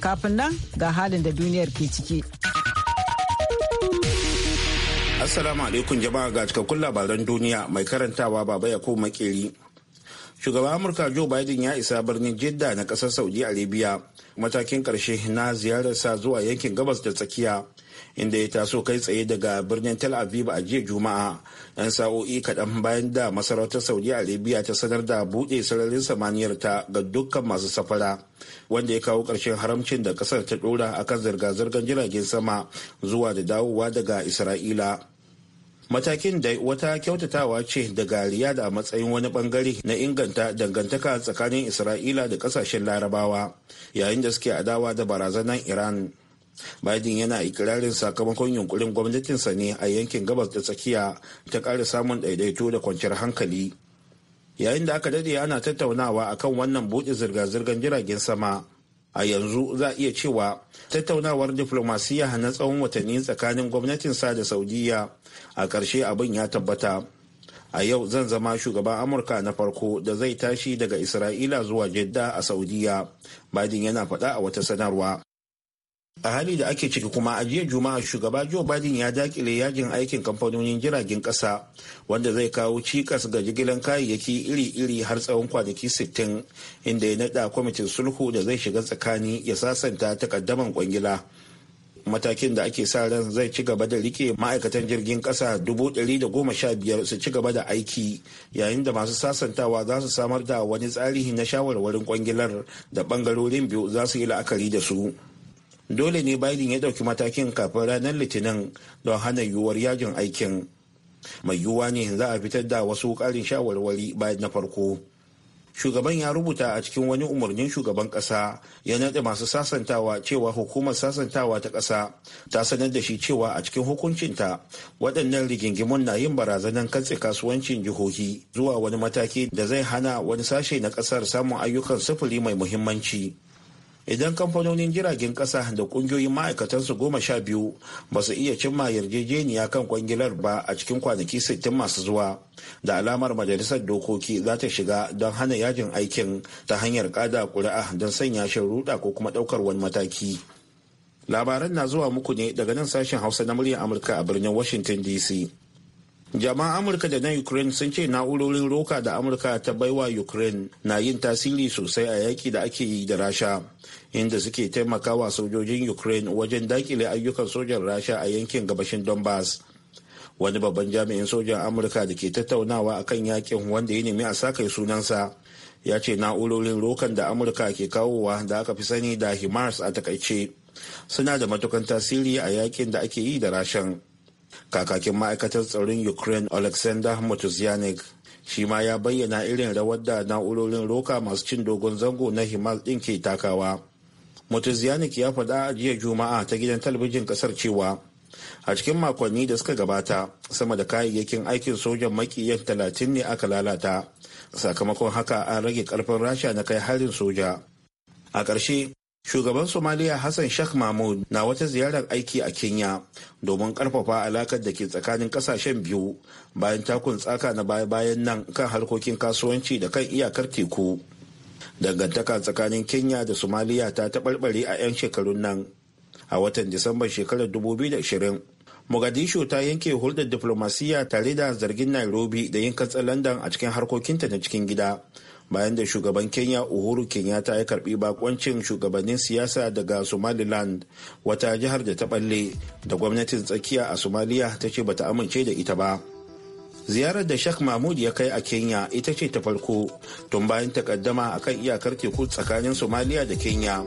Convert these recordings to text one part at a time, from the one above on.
Kafin nan ga halin da duniyar ke ciki. Assalamu alaikum jama'a ga cikakkun labaran duniya mai karantawa baba ya makeri. Shugaban Amurka Joe Biden ya isa birnin Jeddah na kasar Saudi Arabia matakin ƙarshe na ziyararsa zuwa yankin gabas da tsakiya inda ya taso kai tsaye daga birnin tel aviv a jiya juma'a yan sa'o'i kaɗan bayan da masarautar saudi arabia ta sanar da buɗe sararin samaniyar ta ga dukkan masu safara wanda ya kawo ƙarshen haramcin da ƙasar ta ɗora akan zirga-zirgar jiragen sama zuwa da dawowa daga isra'ila matakin da wata kyautatawa ce daga da a matsayin wani bangare na inganta dangantaka tsakanin isra'ila da kasashen larabawa yayin da suke adawa da barazanar iran biden yana ikirarin sakamakon yunkurin gwamnatinsa ne a yankin gabas da tsakiya ta ƙara samun daidaito da kwanciyar hankali yayin da aka dade ana tattaunawa akan wannan buɗe zirga-zirgar jiragen sama a yanzu za a iya cewa tattaunawar diflomasiyya na tsawon watanni tsakanin gwamnatin sa da saudiya a ƙarshe abin ya tabbata a yau zan zama shugaban amurka na farko da zai tashi daga isra'ila zuwa jedda a saudiya biden yana faɗa a wata sanarwa a hali da ake ciki kuma a jiya juma'a shugaba joe biden ya dakile yajin aikin kamfanonin jiragen kasa wanda zai kawo cikas ga jigilan kayayyaki iri-iri har tsawon kwanaki 60 inda ya nada kwamitin sulhu da zai shiga tsakani ya sasanta takaddaman kwangila matakin da ake sa ran zai ci gaba da rike ma'aikatan jirgin kasa biyar su ci gaba da aiki yayin da masu sasantawa za su samar da wani tsarihi na shawarwarin kwangilar da bangarorin biyu za su yi la'akari da su dole ne biden ya dauki matakin kafin ranar litinin don hana yiwuwar yajin aikin mai yiwuwa ne za a fitar da wasu ƙarin shawarwari bayan na farko shugaban ya rubuta a cikin wani umarnin shugaban ƙasa ya naɗe masu sasantawa cewa hukumar sasantawa ta ƙasa ta sanar da shi cewa a cikin hukuncinta waɗannan rigingimun na yin barazanar katse kasuwancin jihohi zuwa wani mataki da zai hana wani sashe na ƙasar samun ayyukan sufuri mai muhimmanci idan kamfanonin jiragen kasa da kungiyoyin ma'aikatansu goma sha biyu ba su iya cimma yarjejeniya kan kwangilar ba a cikin kwanaki sittin masu zuwa da alamar majalisar dokoki za ta shiga don hana yajin aikin ta hanyar kada kuri'a don sanya shi ruda ko kuma daukar wani mataki labaran na zuwa muku ne daga nan sashen hausa na muryar amurka a birnin washington dc jama'an amurka da na ukraine sun ce na'urorin roka da amurka ta baiwa ukraine na yin tasiri sosai a yaki da ake yi da rasha inda suke taimakawa sojojin ukraine wajen dakile ayyukan sojan rasha a yankin gabashin donbass wani babban jami'in sojan amurka da ke tattaunawa a akan yakin wanda ya nemi a kai sunansa ya ce na'urorin rokan da amurka ke kawowa da aka fi sani da himars a takaice suna da matukan tasiri a yakin da ake yi da rashan kakakin ma'aikatar tsaron ukraine alexander Motuzianik shi ma ya bayyana irin rawar da na'urorin roka masu cin dogon zango na himal ɗin ke takawa Motuzianik ya faɗa a jiya juma'a ta gidan talabijin ƙasar cewa a cikin makonni da suka gabata sama da kayayyakin aikin sojan makiyan talatin ne aka lalata sakamakon haka an rage ƙarfin rasha na kai harin soja a ƙarshe shugaban somaliya hassan sheikh mahmud na wata ziyarar aiki a kenya domin karfafa alakar da ke tsakanin kasashen biyu bayan takun tsaka na baya-bayan nan kan harkokin kasuwanci da kan iyakar teku dangantaka tsakanin kenya da somaliya ta taɓarɓare a 'yan shekarun nan a watan disamban shekarar 2020 mogadishu ta yanke hulɗar diflomasiyya tare da zargin nairobi da yin katsalandan a cikin harkokinta na cikin gida bayan da shugaban kenya uhuru kenyatta ya karbi bakoncin shugabannin siyasa daga somaliland wata jihar da ta balle da gwamnatin tsakiya a somaliya ta ce bata amince da ita ba ziyarar da shak mahmud ya kai a kenya ita ce ta farko tun bayan takaddama akan iyakar teku tsakanin somaliya da kenya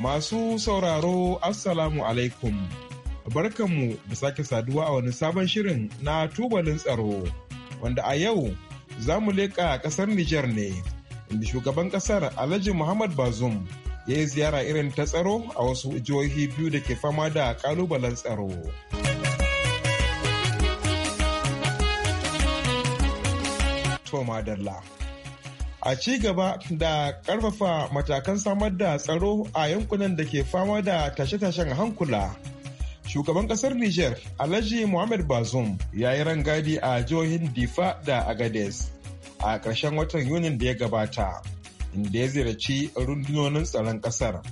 Masu sauraro Assalamu alaikum. Barkanmu da sake saduwa a wani sabon shirin na tubalin tsaro wanda a yau za mu leƙa ƙasar Nijar ne inda shugaban ƙasar Alhaji Muhammad Bazum ya yi ziyara irin ta tsaro a wasu jihohi biyu da ke fama da ƙalubalen tsaro. To madalla. a ci gaba da karfafa matakan samar da tsaro a yankunan da ke fama da tashe-tashen hankula. Shugaban kasar Niger, Alhaji Mohamed Bazoum ya yi rangadi a jihohin Difa da Agades a ƙarshen watan Yunin da ya gabata, inda ya ziyarci rundunonin tsaron ƙasar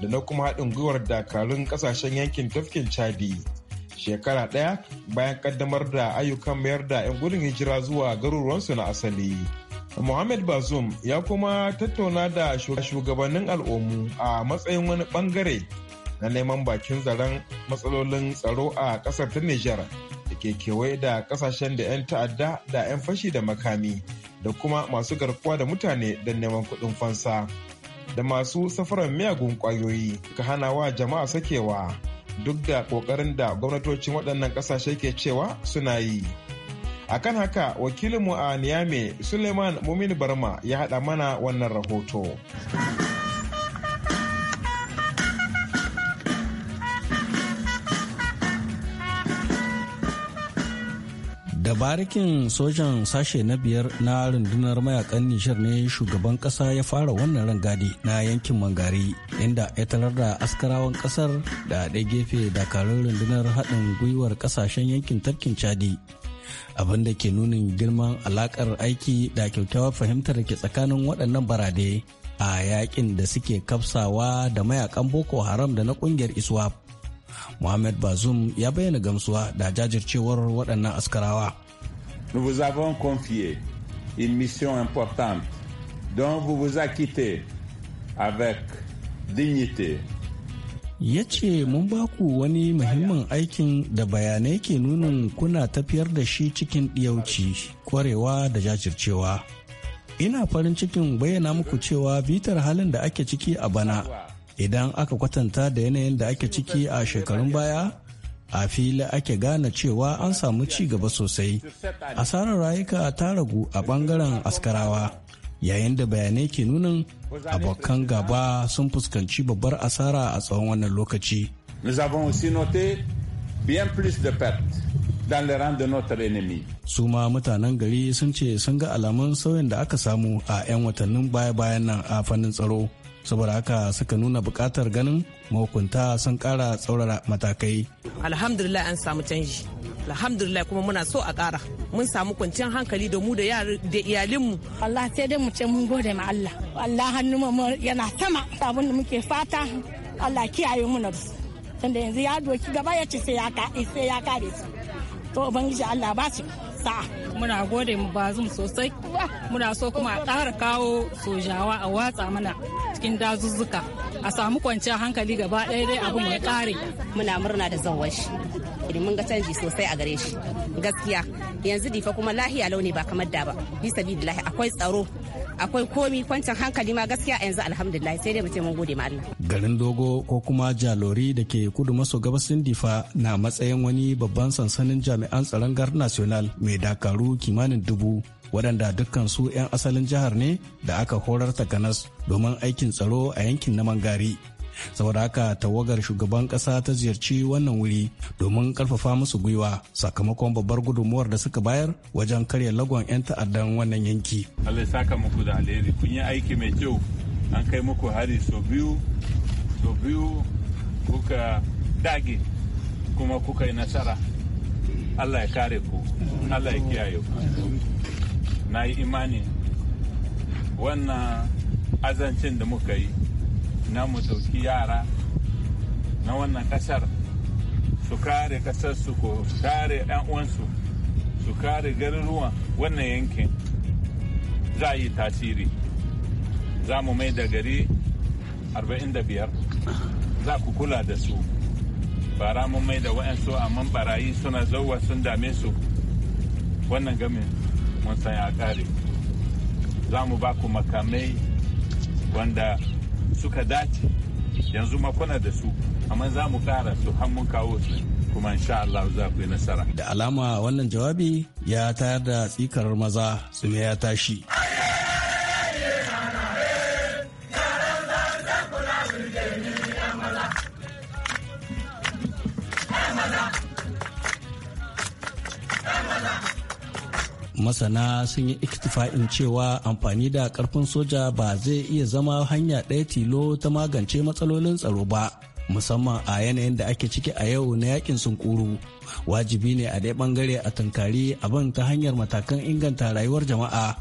da na kuma haɗin gwiwar dakarun ƙasashen yankin tafkin Chadi. Shekara ɗaya bayan ƙaddamar da ayyukan mayar da 'yan gudun hijira zuwa garuruwansu na asali. Mohamed Bazoum ya kuma tattauna da shugabannin al'ummu a matsayin wani bangare na neman bakin zaren matsalolin tsaro a kasar ta Nijar da ke kewaye da kasashen da 'yan ta'adda da 'yan fashi da makami da kuma masu garkuwa da mutane don neman kuɗin fansa da masu safarar miyagun ƙwayoyi ka hana wa jama'a sakewa duk da ƙoƙarin da gwamnatocin waɗannan ƙasashe ke cewa suna yi. a kan haka wakilinmu a niyame suleiman mumin barma ya haɗa mana wannan rahoto da barikin sojan sashe na biyar na rundunar mayakan nishar ne shugaban ƙasa ya fara wannan rangadi na yankin mangari inda ya tarar da askarawan ƙasar da ɗaya gefe dakarun rundunar haɗin gwiwar ƙasashen yankin tarkin chadi abin da ke nunin girman alakar aiki da kyaukyawar fahimtar ke tsakanin waɗannan barade a yakin da suke kafsawa da mayakan boko haram da na ƙungiyar iswap muhammad Bazum ya bayyana gamsuwa da jajircewar waɗannan askarawa. Nous vous avons confié une mission importante dont vous vous acquittez avec dignité ya ce mun ba ku wani muhimmin aikin da bayanai ke nunin kuna tafiyar da shi cikin ɗiyauci kwarewa da jajircewa ina farin cikin bayyana muku cewa bitar halin da ake ciki a bana idan aka kwatanta da yanayin da ake ciki a shekarun baya a fili ake gane cewa an samu ci gaba sosai asarar rayuka ta ragu a bangaren askarawa yayin da bayanai ke nunin abokan gaba sun fuskanci babbar asara a tsawon wannan lokaci. Nous avons Su ma mutanen gari sun ce sun ga alamun sauyin da aka samu a 'yan watannin baya-bayan nan a fannin tsaro. saboda haka suka nuna bukatar ganin mahukunta sun kara tsaurara matakai. Alhamdulillah an samu canji. alhamdulillah kuma muna so a ƙara mun samu kwanciyar hankali da mu da da iyalinmu Allah sai dai mu ce mun gode ma Allah Allah hannu mu yana sama abin da muke fata Allah kiyaye mu na su tunda yanzu ya doki gaba ya ce sai ya sai ya kare su to ubangiji Allah ba su sa'a muna gode mu bazum sosai muna so kuma a ƙara kawo sojawa a watsa mana cikin dazuzzuka a samu kwanciyar hankali gaba ɗaya dai abin ya ƙare muna murna da zawashi mun ga canji sosai a gare shi gaskiya yanzu difa kuma lahiya launi ba kamar da ba bisa bi lahi akwai tsaro akwai komi kwancin hankali ma gaskiya yanzu alhamdulillah sai dai mu ce mun gode ma Allah garin dogo ko kuma jalori da ke kudu maso gabasin difa na matsayin wani babban sansanin jami'an tsaron gar national mai dakaru kimanin dubu wadanda dukkan su 'yan asalin jihar ne da aka horar ganas domin aikin tsaro a yankin na mangari saboda haka tawagar shugaban kasa ta ziyarci wannan wuri domin karfafa musu gwiwa sakamakon babbar gudunmuwar da suka bayar wajen karya lagon 'yan ta'addan wannan yanki allah ya saka muku da alheri kun yi aiki mai kyau an kai muku hari sau biyu sau biyu kuka dage kuma kuka yi nasara allah ya kare ku allah ya kiyaye ku na yi imani wannan azancin da muka yi na mu ɗauki yara na wannan ƙasar su kare ƙasarsu ko kare 'yan uwansu su kare garuruwan wannan yankin za yi tasiri za mu mai da gari 45 za ku kula da su bara mu mai da wa'ansu amma barayi suna zauwa sun dame su wannan gamin mun san ya kare za mu ba ku makamai wanda suka dace yanzu makona da su amma za mu kara su har mun kawo su kuma insha Allah za ku yi nasara. Da alama wannan jawabi ya tayar da tsikar maza su ya tashi. masana sun yi iktifa'in cewa amfani da karfin soja ba zai iya zama hanya ɗaya tilo ta magance matsalolin tsaro ba musamman a yanayin da ake ciki a yau na yakin sunkuru wajibi ne a ɗaya ɓangare a tunkari abin ta hanyar matakan inganta rayuwar jama'a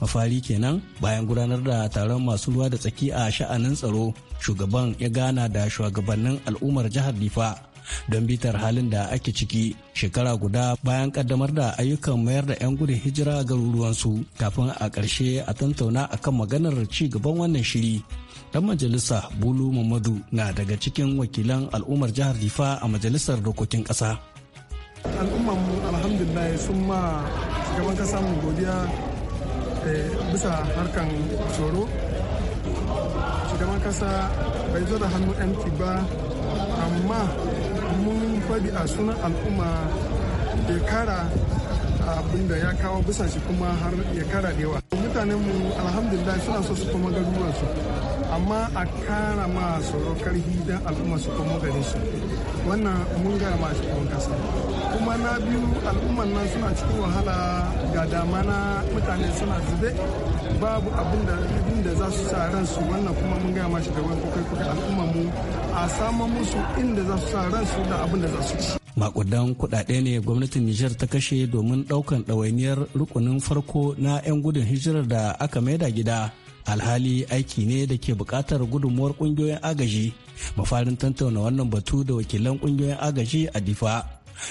mafari kenan bayan gudanar da taron masu ruwa da tsaki a sha'anin tsaro shugaban ya gana da shugabannin al'ummar jihar difa don bitar halin da ake ciki shekara guda bayan kaddamar da ayyukan mayar da 'yan gudun hijira garuruwansu kafin a ƙarshe a tantauna akan maganar ci gaban wannan shiri dan majalisa bulu mamadu na daga cikin wakilan al'ummar jihar Rifa a majalisar dokokin ƙasa al'ummar alhamdulillah sun ma gaban ƙasa mu godiya eh, bisa harkan tsoro shugaban kasa bai zo da hannu yanki ba amma jawabi a sunan al'umma ya kara abin da ya kawo bisa shi kuma har ya kara da yawa mutanen mu alhamdulillah suna so su kuma garuruwan su amma a kara ma tsoro karhi don al'umma su kuma gare su wannan mun gaya ma kuma kasa kuma na biyu al'umman nan suna cikin wahala ga damana mutane suna zube babu abin da za su sa ransu wannan kuma mun gaya ma shugaban kukai kukai al'umman mu a samu musu inda za su sa ransu da abin da za su ci. Makudan kuɗaɗe ne gwamnatin Nijar ta kashe domin ɗaukan ɗawainiyar rukunin farko na 'yan gudun hijirar da aka maida gida. alhali aiki ne da ke bukatar gudunmuwar kungiyoyin agaji mafarin tantauna wannan batu da wakilan kungiyoyin agaji a difa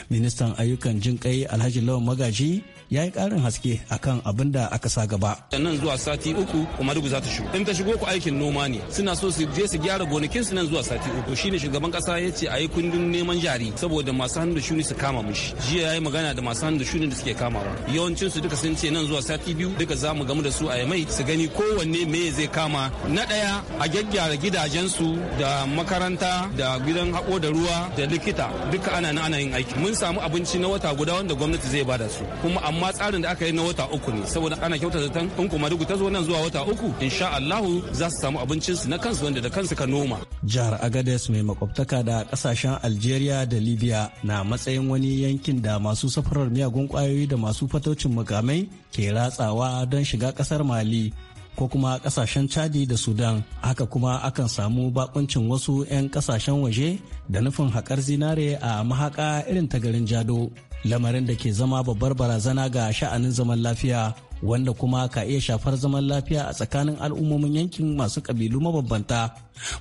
ministan ayyukan jin kai alhaji lawan magaji ya yi karin haske akan abin da aka sa gaba. Nan zuwa sati uku Umaru za ta shigo. In ta shigo ku aikin noma ne suna so su je su gyara gonakin su nan zuwa sati uku shine shugaban kasa ya ce a yi kundin neman jari saboda masu hannu da shuni su kama mushi. Jiya ya yi magana da masu hannu da shuni da suke kamawa. Yawancin su duka sun ce nan zuwa sati biyu duka za mu gamu da su a mai su gani kowanne me zai kama. Na ɗaya a gyaggyara gidajensu da makaranta da gidan haƙo da ruwa da likita duka ana na ana yin aiki. Mun samu abinci na wata guda wanda gwamnati zai bada su kuma amma amma tsarin da aka yi na wata uku ne saboda ana kyauta zaton in kuma duk ta zo nan zuwa wata uku insha Allahu za su samu abincin su na kansu wanda da kansu ka noma. Jihar Agadez mai makwabtaka da kasashen Algeria da Libya na matsayin wani yankin da masu safarar miyagun kwayoyi da masu fataucin mukamai ke ratsawa don shiga kasar Mali ko kuma kasashen chadi da sudan haka kuma akan samu bakuncin wasu 'yan kasashen waje da nufin haƙar zinare a mahaƙa irin ta garin jado lamarin da ke zama babbar barazana ga sha'anin zaman lafiya wanda kuma ka iya shafar zaman lafiya a tsakanin al'ummomin yankin masu kabilu mabambanta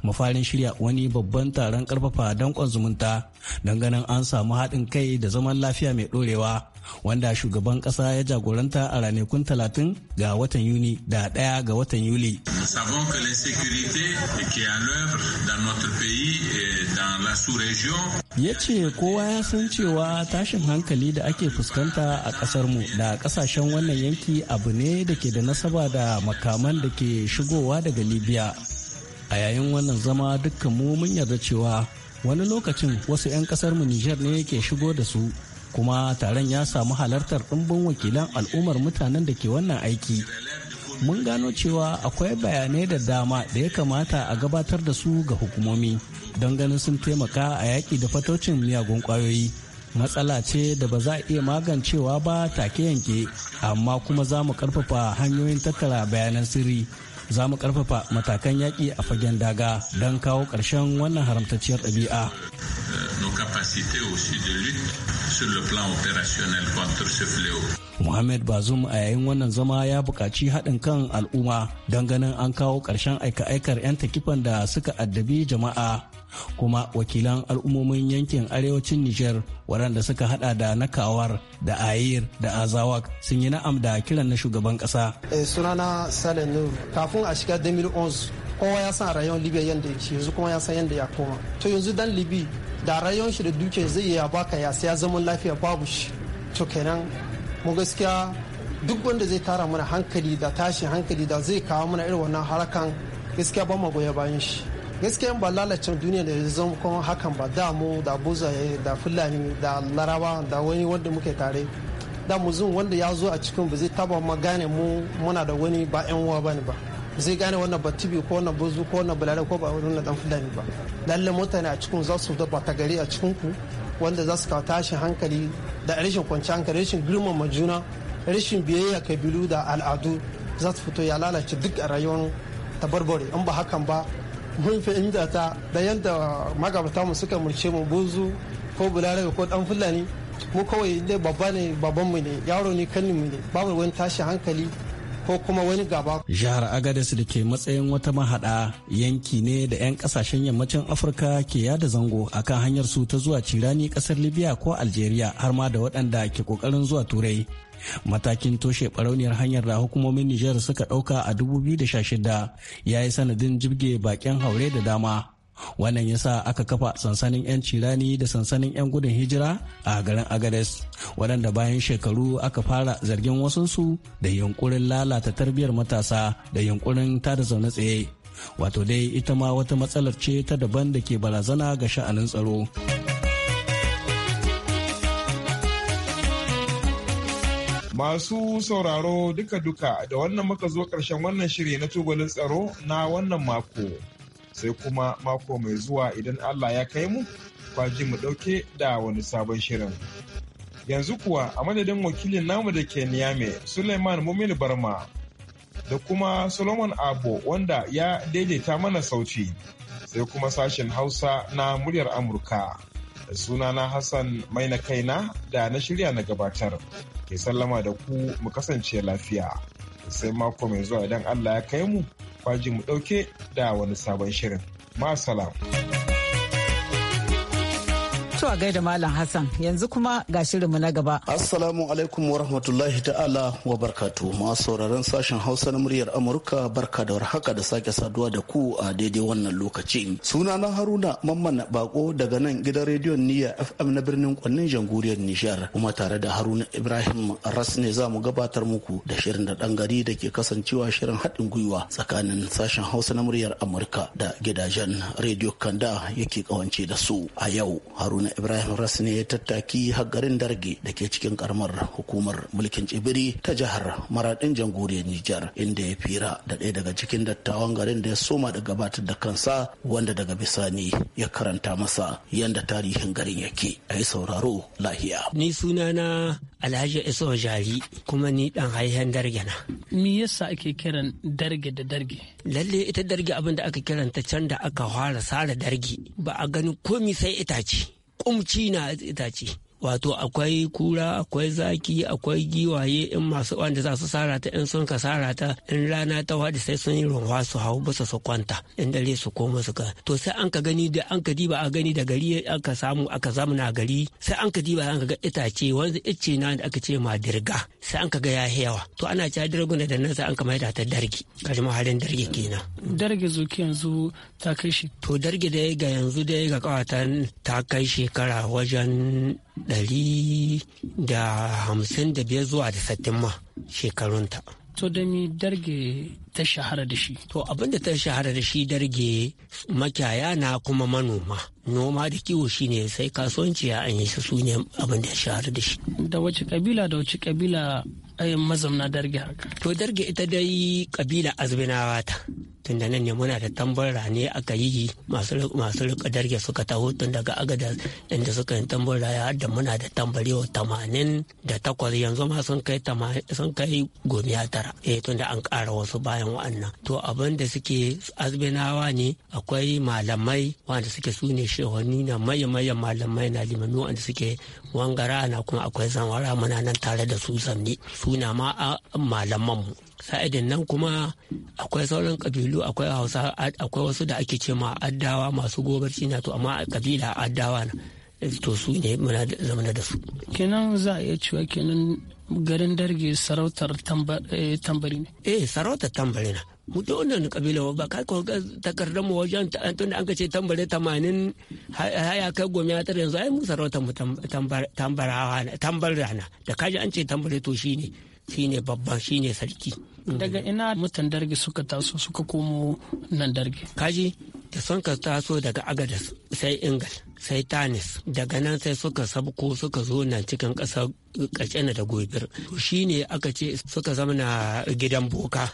mafarin shirya wani babban taron karfafa dankon zumunta ganin an samu haɗin kai da zaman lafiya mai ɗorewa wanda shugaban ƙasa ya jagoranta a ranakun talatin ga watan yuni da ɗaya ga watan yuli ya ce kowa ya san cewa tashin hankali hankali da ake fuskanta a ƙasarmu da ƙasashen wannan yanki abu ne da ke da nasaba da makaman da ke shigowa daga libya a yayin wannan zama dukkan mu mun yarda cewa wani lokacin wasu 'yan ƙasarmu nijar ne ke shigo da su kuma taron ya samu halartar ɗumbin wakilan al'ummar mutanen da ke wannan aiki mun gano cewa akwai bayanai da dama da ya kamata a gabatar da su ga hukumomi don ganin sun taimaka a yaƙi da fatocin miyagun ƙwayoyi matsala ce da ba za a iya magancewa ba take yanke amma kuma za mu karfafa hanyoyin tattara bayanan sirri za mu karfafa matakan yaƙi a fagen daga don kawo ƙarshen wannan haramtacciyar ɗabi'a. Nos capacités aussi de lutte sur le plan opérationnel contre ce fléau. Muhammad Bazum a yayin wannan zama ya buƙaci haɗin kan al'umma don ganin an kawo ƙarshen aika-aikar 'yan takifan da suka addabi jama'a. Kuma wakilan al'ummomin yankin arewacin Nijar waɗanda suka hada da nakawar da ayir da azawak sun yi na'am da kiran na shugaban ƙasa. Eh, sunana Salen Nur kafin a shiga 2011 kowa ya san rayon Libya yadda yake yanzu kuma ya san yadda ya koma. To yanzu dan Libi da rayon shi da duke zai ya baka ya sai ya zaman lafiya babu shi. To kenan mu gaskiya duk wanda zai tara mana hankali da tashi hankali da zai kawo mana irin wannan harakan gaskiya ba mu goya bayan shi gaskiya ba lalacin duniya da zama kuma hakan ba da mu da buza da fulani da laraba da wani wanda muke tare da mu zun wanda ya zo a cikin ba zai taba ma gane mu muna da wani ba yan uwa bane ba zai gane wannan ba tibi ko wannan buzu ko wannan bulare ko ba wannan dan fulani ba lalle mutane a cikin za su da ba ta gari a cikin ku wanda za su kawo tashin hankali da rashin kwanci hankali rashin girmama juna rashin biyayya kabilu da al'adu za su fito ya lalace duk a rayuwar tabarbare in ba hakan ba mun inda ta da yadda magabata mu suka murce mu buzu ko bulare ko dan fulani mu kawai dai babba ne babban mu ne yaro ne kanin mu ne babu wani tashin hankali ko kuma wani gaba. Jihar Agadez da ke matsayin wata mahada yanki ne da 'yan kasashen yammacin Afirka ke yada zango a kan hanyar su ta zuwa cirani kasar Libya ko Algeria har ma da waɗanda ke ƙoƙarin zuwa Turai. Matakin toshe barauniyar hanyar da hukumomin Nijar suka ɗauka a 2016 ya yi sanadin jibge bakin haure da dama. wannan ya sa aka kafa sansanin 'yan cirani da sansanin 'yan gudun hijira a garin agades waɗanda bayan shekaru aka fara zargin wasunsu da yunkurin lalata tarbiyyar matasa da yunkurin tada zaune tsaye wato dai ita ma wata matsalar ce ta daban da ke barazana ga sha'anin tsaro Masu sauraro duka-duka da wannan muka zo ƙarshen wannan shiri na tubalin tsaro na wannan mako. sai kuma mako mai zuwa idan Allah ya kai mu ji mu dauke da wani sabon shirin. Yanzu kuwa a madadin wakilin namu da ke Niyame Suleiman Mumin Barma da kuma Solomon Abo wanda ya daidaita mana sauci sai kuma sashen Hausa na muryar Amurka. Da sunana Hassan mai na kaina da na shirya na gabatar ke sallama da ku mu kasance lafiya. Sai mako mai zuwa idan Allah ya kai mu. babaji mu ɗauke da wani sabon shirin. Masalam. To a gaida Malam Hassan yanzu kuma ga shirinmu na gaba. Assalamu alaikum wa rahmatullahi ta'ala wa barkatu. Masu sauraron sashen Hausa na muryar Amurka barka da warhaka da sake saduwa da ku a daidai wannan lokaci. Suna na Haruna Mamman Bako daga nan gidan rediyon Niyya FM na birnin Kwannin Jamhuriyar Nijar kuma tare da Haruna Ibrahim Ras ne za mu gabatar muku da shirin da dan gari da ke kasancewa shirin haɗin gwiwa tsakanin sashen Hausa na muryar Amurka da gidajen rediyo Kanda yake kawance da su a yau Haruna Ibrahim Rasne ya tattaki har garin Darge da ke cikin karamar hukumar mulkin Tsibiri ta jihar Maradin jamhuriyar Nijar inda ya fira da ɗaya daga cikin dattawan garin da ya soma da gabatar da kansa wanda daga bisani ya karanta masa yadda tarihin garin yake a yi sauraro lahiya. Ni sunana Alhaji Iso Jari kuma ni dan haihen Darge na. Me yasa ake kiran Darge da Darge? Lalle ita Darge abin da aka kiranta can da aka fara sare Darge ba a gani komi sai itace. kumci na itace wato akwai kura akwai zaki akwai giwaye in masu wanda za su sara ta in sun ka sara ta in rana ta wadi sai sun yi runwa su hau basa su kwanta in dare su koma su ka to sai an ka gani da an ka diba a gani da gari an ka samu aka na gari sai an ka diba an ka ga itace wanda itace na da aka ce ma dirga sai an ka ga ya yawa to ana cewa dirguna da nan sai an ka da ta dargi kaji halin dargi kenan dargi ki yanzu ta kai shi to dargi da ga yanzu da ga kawata ta kai shekara wajen ɗari da hamsin da biyar zuwa da sattin ma shekarunta. To da mi darge ta shahara da shi? To abinda ta shahara da shi darge makiyaya na kuma manoma. Noma da kiwo shi ne sai kasuwanci ya an yi su ne abin da shahara da shi. Da wace kabila da wace kabila ayin eh, mazamna darge haka? To darge ita dai kabila azbinawa ta. tunda nan ne muna da tambar rane aka yi masu rika darge suka taho tun daga agada inda suka yi tambar raya har da muna da tambarewa tamanin da takwas yanzu ma sun kai sun kai gomiya tara eh tunda an kara wasu bayan wa'annan to abin da suke azbinawa ne akwai malamai wanda suke su ne na na mayan malamai na limami wanda suke wangara na kuma akwai zanwara muna nan tare da su zanni suna ma malamanmu sa'adin nan kuma akwai sauran kabilu akwai hausa akwai wasu da ake ce ma addawa masu gobarci na to amma kabila addawa na to su ne muna zamana da su kenan za a iya cewa kenan garin darge sarautar eh, tambari ne eh sarautar tambari na mu da wannan kabila ba kai ko takardar mu wajen tunda an ce tambari 80 haya kai gomi ya tare yanzu ai mu sarautar mu tambarawa tambara na da kaji an ce tambari to shine shine babba shine sarki daga ina mutan dargi suka taso suka komo nan dargi kaji da son ka taso daga agadas sai ingal sai tanis daga nan sai suka sabko suka zo nan cikin ƙasar kacena da gobir shi ne aka ce suka zamana gidan boka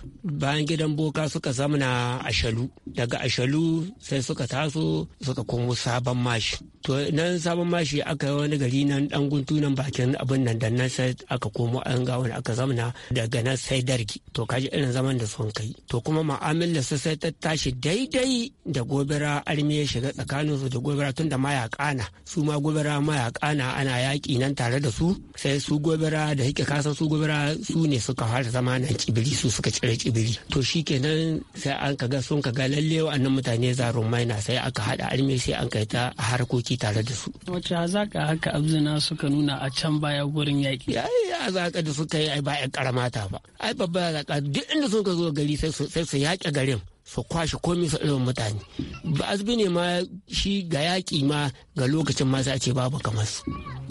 bayan gidan boka suka zamana ashalu daga ashalu sai suka taso suka komo sabon mashi to nan sabon mashi aka yi wani gari nan dan guntu nan bakin abin nan da nan sai aka komo an ga wani aka zamana daga nan sai dargi to kaji irin zaman da sun kai to kuma ma'amalar su sai ta tashi daidai da gobira armi ya shiga tsakaninsu da gobira tun da ma mayaka na su ma gobera mayaka na ana yaƙi nan tare da su sai su gobera da yake kasan su gobera su ne suka fara zama nan kibiri su suka cire kibiri to shikenan sai an kaga sun kaga lalle wa'annan mutane rumai na sai aka hada arme sai an kai ta harkoki tare da su wace hazaka haka abzina suka nuna a can baya gurin yaƙi yayi hazaka da suka yi ai ba ƴan karamata ba ai babba hazaka duk inda suka zo gari sai su yaƙe garin su kwashe komai su ɗaya mutane ba azumi ne ma shi ga yaƙi ma ga lokacin ma sai a ce babu kamar su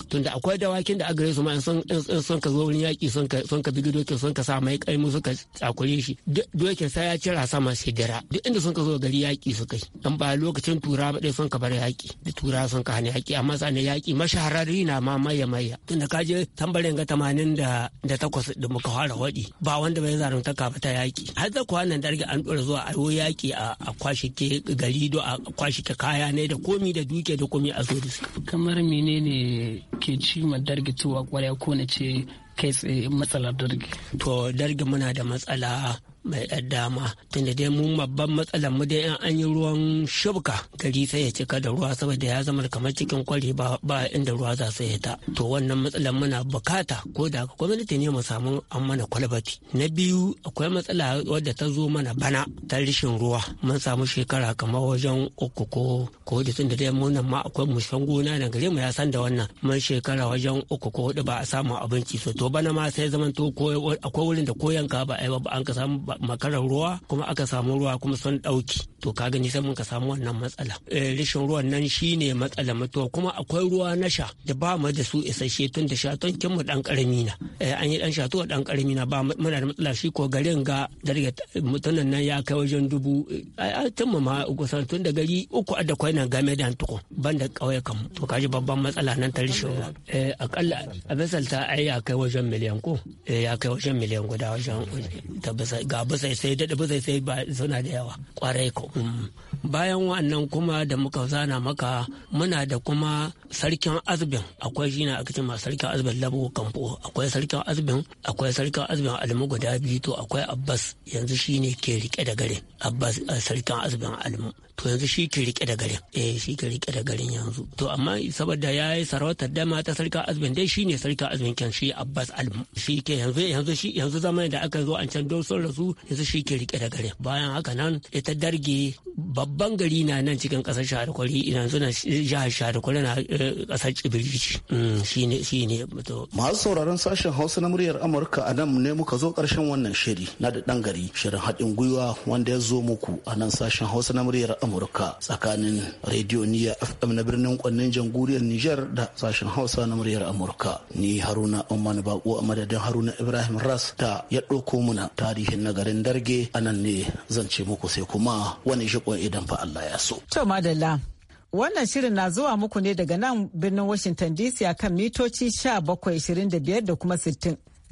tunda akwai dawakin da agare su ma in sun ka zo wurin yaƙi sun ka bigi dokin sun ka sa mai mu suka tsakure shi dokin sai ya cira sama sai dira duk inda sun ka zo gari yaƙi su kai an ba lokacin tura ba ɗaya sun ka bar yaƙi da tura sun ka hana yaƙi amma ne yaƙi mashahararri na ma maya maya tunda ka je tambarin ga tamanin da takwas da muka fara waɗi ba wanda bai zarumtaka kafa ta yaƙi har da kwanan dargi an ɗora zuwa ko yaƙi a kwashe ke gari a kwashe ke kaya ne da komi da duke da komi a zo da su. Kamar menene ke ci ma dargitowa kwarai ko na ce kai tsaye matsalar dargi. To dargi muna da matsala mai ɗan dama tunda dai mu babban matsalar mu dai an yi ruwan shubka gari sai ya cika da ruwa saboda ya zama kamar cikin kwari ba inda ruwa za su ta to wannan matsalar muna bukata ko da gwamnati ne mu samu an mana kwalbati na biyu akwai matsala wadda ta zo mana bana ta rishin ruwa mun samu shekara kamar wajen uku ko ko da tunda dai nan ma akwai mushan gona da gare mu ya san da wannan mun shekara wajen uku ko hudu ba a samu abinci so to bana ma sai zaman to akwai wurin da koyan ka ba ai ba an ka samu makarar ruwa kuma aka samu ruwa kuma sun ɗauki to ka gani sai mun ka samu wannan matsala eh, rishin ruwan nan shine matsala mutuwa kuma akwai ruwa na sha da ba mu da su isasshe tun da shaton kinmu dan karami na eh, an yi dan shato dan karami na ba muna da matsala shi ko garin ga daga mutunan nan ya kai wajen dubu eh, a tun mu ma kusan tun da gari uku da kwai nan game da tukun ban da kauyukan to kaji babban matsala nan ta rishin ruwa akalla a bisalta ai ya kai wajen miliyan ko ya kai wajen miliyan guda wajen ta bisa ga abu sai sai daɗa ba sai sai suna da yawa kwarai ko bayan wannan kuma da muka zana maka muna da kuma sarkin azbin akwai shi na aka ma sarkin azbin labo kamfo akwai sarkin azbin akwai sarkin azbin almu guda biyu to akwai abbas yanzu shi ne ke rike da garin abbas eh, sarkin azbin almu to yanzu shi ke rike da garin eh shi ke rike da garin yanzu to amma saboda ya yi sarautar dama ta sarka azbin dai ne sarka azbin kan shi abbas almu shi ke yanzu yanzu shi yanzu zaman da aka zo an can doson rasu yanzu shi ke rike da garin bayan haka nan ita darge babban gari na nan cikin kasar shahadakwari yanzu na jihar shahadakwari na kasar eh, cibirici mm, shi ne to masu sauraron sashen hausa na muryar amurka a nan ne muka zo karshen wannan shiri na da dan gari shirin haɗin gwiwa wanda ya zo muku a nan sashen hausa na muryar amurka amurka tsakanin rediyo niya fm na birnin kwannin jamhuriyar niger da sashen hausa na muryar amurka ni haruna umman bako a madadin haruna ibrahim ras ta ya ɗauko muna tarihin na garin darge a nan ne zan ce muku sai kuma wani shiƙon idan fa allah ya so to madalla Wannan shirin na zuwa muku ne daga nan birnin Washington DC a kan mitoci 1725 da kuma 60.